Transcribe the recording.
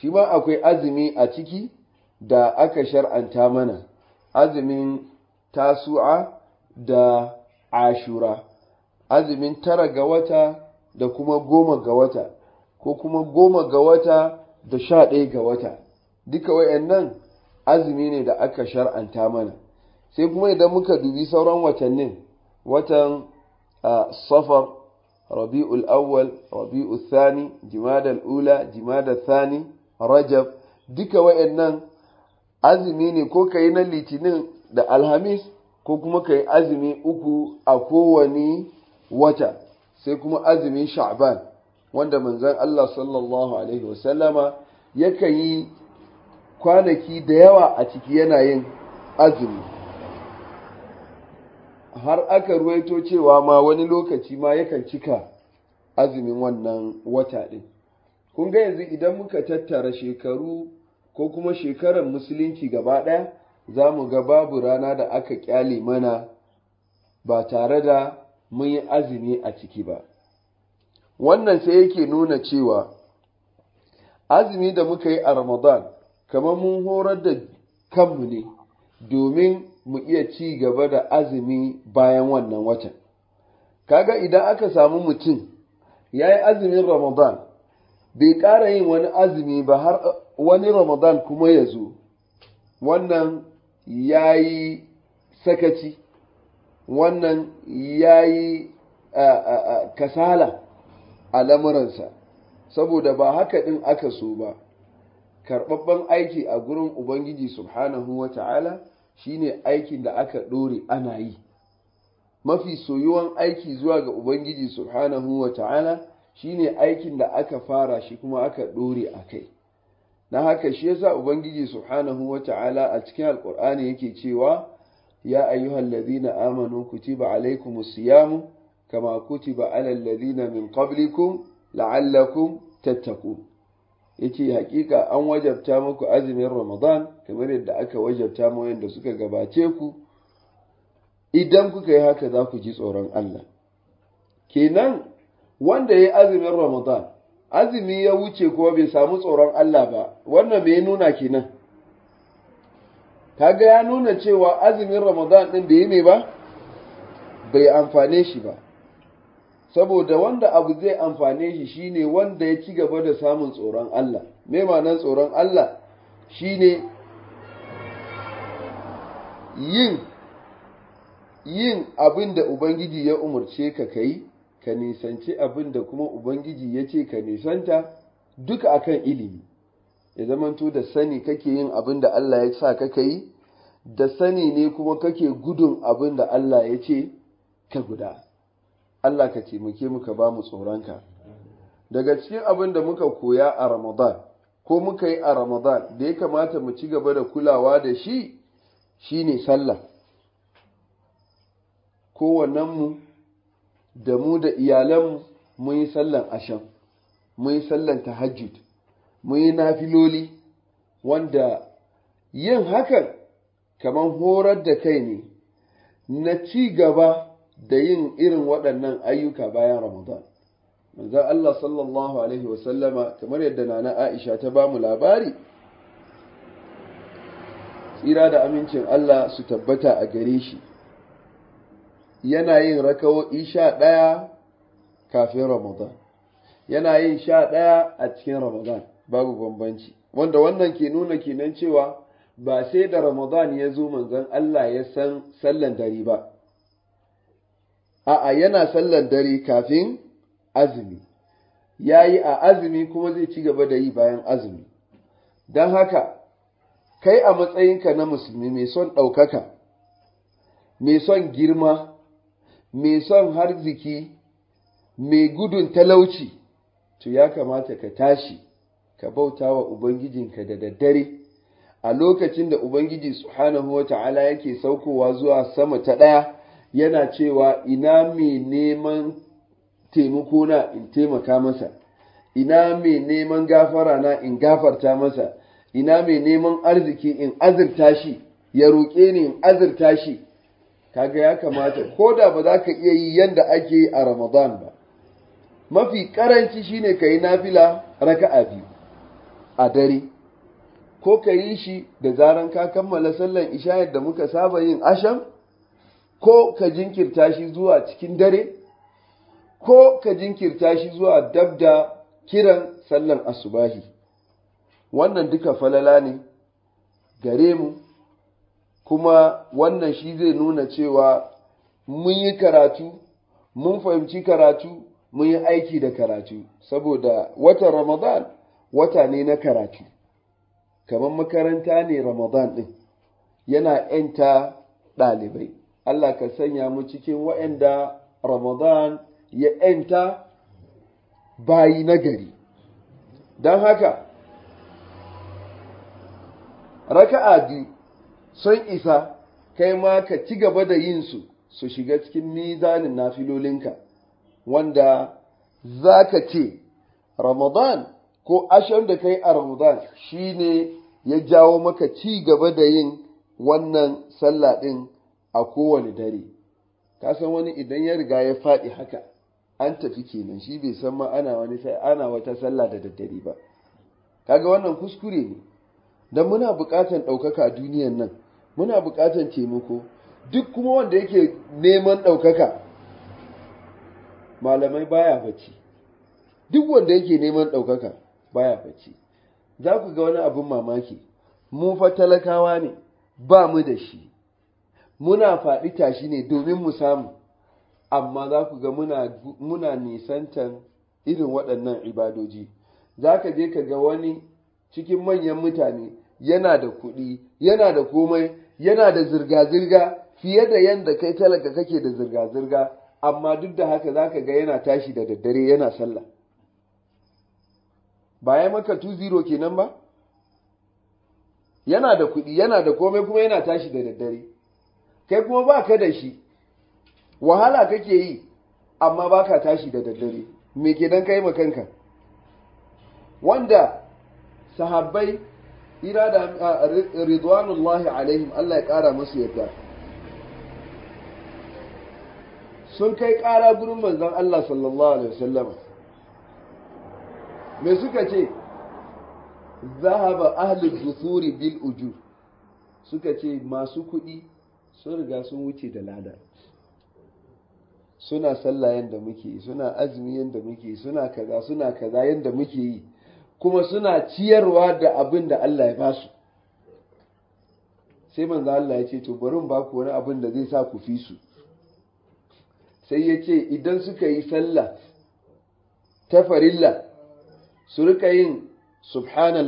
shi ma akwai azumi a ciki da aka shar'anta mana azumin tasu'a da ashura azumin tara ga wata da kuma goma ga wata ko kuma goma ga wata da sha ɗaya ga wata duka wayannan azumi ne da aka shar'anta mana sai kuma idan muka dubi sauran watannin watan safar rabi'ul awwal rabi'ul thani jimadal ula jimadal thani rajab duka wa’yannan azumi ne ko ka yi na litinin da alhamis ko kuma ka yi azumi uku a kowane wata sai kuma azumin sha'ban wanda manzon Allah sallallahu alaihi wasallama yakan yi kwanaki da yawa a ciki yana yin azumi har aka ruwaito cewa ma wani lokaci ma yakan cika azumin wannan wata ɗin. kun ga yanzu idan muka tattara shekaru ko kuma shekarar musulunci gaba ɗaya za mu ga babu rana da aka ƙyale mana ba tare da mun yi azumi a ciki ba wannan sai yake nuna cewa azumi da muka yi a ramadan kamar mun horar da kanmu ne domin mu iya ci gaba da azumi bayan wannan watan kaga idan aka samu mutum ya yi azumin ramadan bai ƙara yin wani azumi ba har wani ramadan kuma ya zo wannan ya yi sakaci wannan ya yi kasala a lamuransa saboda ba haka ɗin aka so ba karɓaɓɓen aiki a gurin ubangiji subhanahu wa ta'ala shine aikin da aka ɗore ana yi mafi soyuwan aiki zuwa ga ubangiji subhanahu wa ta'ala Shi ne aikin da aka fara shi kuma aka ɗore a kai na haka shi yasa ubangiji subhanahu wata'ala a cikin alkur'ani yake cewa ya ayyuhal ladina amanu kutiba alaikumus siyamu kama kutiba alal ladina min qablikum la'allakum tattaku yake hakika an wajabta muku azumin ramadan kamar yadda aka wajabta mu yadda suka gabace ku idan kuka yi haka za ku ji tsoron Allah kenan wanda ya yi azumin Ramadan azumi ya wuce kuma bai samu tsoron Allah ba wannan me ya nuna kenan kaga ya nuna cewa azumin Ramadan din bai ne ba bai amfane shi ba saboda wanda abu zai amfane shi shine wanda ya ci gaba da samun tsoron Allah me tsoron Allah shine yin yin abin da Ubangiji ya umarce ka kai ka nisanci abin da kuma ubangiji ya ce ka nisanta duka akan ilimi ya zamanto da sani kake yin abin da Allah ya sa kaka yi da sani ne kuma kake gudun abin da Allah ya ce ka guda Allah ka taimake mu ka ba mu tsoronka daga cikin abin da muka koya a Ramadan ko muka yi a Ramadan da ya kamata mu ci gaba da kulawa da shi shi ne sallah mu. da mu da iyalan mun yi sallan asham mun yi sallan tahajjud mun yi nafiloli wanda yin hakan kamar horar da kai ne na ci gaba da yin irin waɗannan ayyuka bayan ramadan manzon Allah sallallahu alaihi wasallama kamar yadda nana Aisha ta ba mu labari tsira da amincin Allah su tabbata a gare shi yana yin rakawo'i sha ɗaya kafin Ramadan, yana yin sha ɗaya a cikin Ramadan, babu bambanci. Wanda wannan ke nuna kenan cewa ba sai da Ramadan ya zo manzon Allah ya san sallan dare ba, a'a yana sallan dare kafin azumi, ya yi a azumi kuma zai ci gaba da yi bayan azumi. Don haka, kai a matsayinka na musulmi mai son ɗaukaka, mai son girma, mai son harziki mai gudun talauci to ya kamata ka tashi ka bauta wa ubangijinka da daddare a lokacin da ubangiji subhanahu wa ta'ala yake saukowa zuwa sama ta ɗaya yana cewa ina mai neman taimakona in taimaka masa ina mai neman gafara na in gafarta masa ina mai neman arziki in azurta shi ya roƙe ni in azurta shi kaga ya kamata ko da ba za ka iya yi yadda ake yi a ramadan ba mafi karanci shine ka yi nafila raka'a biyu a dare ko ka yi shi da zaran ka kammala sallan ishayar da muka saba yin asham ko ka jinkirta shi zuwa cikin dare ko ka jinkirta shi zuwa dabda kiran sallan asubahi wannan duka falala ne gare mu kuma wannan shi zai nuna cewa mun yi karatu mun fahimci karatu mun yi aiki da karatu saboda watan ramadan wata ne na karatu kamar makaranta ne ramadan ɗin yana ‘yanta ɗalibai Allah ka sanya mu cikin wa'yanda ramadan ya ‘yanta bayi nagari don haka raka'a biyu Son isa kai ma ka ci gaba da yin su su shiga cikin mizanin nafilolinka wanda za ka ce ramadan ko ashirin da kai a ramadan shi ne ya jawo maka ci gaba da yin wannan sallah ɗin a kowane dare ka san wani idan ya riga ya faɗi haka an tafi kenan shi bai san ma ana wani sai ana wata sallah da daddare ba kaga wannan kuskure ne dan muna buƙatar ɗaukaka a duniyar nan muna bukatan taimako duk kuma wanda yake neman ɗaukaka malamai baya bacci duk wanda yake neman ɗaukaka baya bacci za ku ga wani abin mamaki mu fa talakawa ne ba mu da shi muna faɗi tashi ne domin mu samu amma za ku ga muna, muna nisantan irin waɗannan ibadoji za ka je ka ga wani cikin manyan mutane yana da kuɗi yana da komai yana da zirga-zirga fiye da yadda kai talaka kake da zirga-zirga amma duk da haka za ka ga yana tashi da daddare yana sallah ba ya maka 2-0 kenan ba yana da kuɗi yana da komai kuma yana tashi da daddare kai kuma ba ka da shi wahala kake yi amma ba ka tashi da daddare me ke don kai makanka wanda sahabbai ira da ridwanullahi alaihim Allah ya kara musu yadda sun kai kara gurin manzon Allah sallallahu alaihi wasallam me suka ce zahaba Ahli dusuri bil ujur suka ce masu kuɗi sun riga sun wuce da lada suna sallah yadda muke suna azumi yadda muke suna kaza suna kaza yadda muke yi kuma suna ciyarwa da abin da Allah ya basu sai manzo Allah ya ce to barin ba ku wani abin da zai sa ku fi su sai ya ce idan suka yi sallah ta farilla su rika yin subhanallah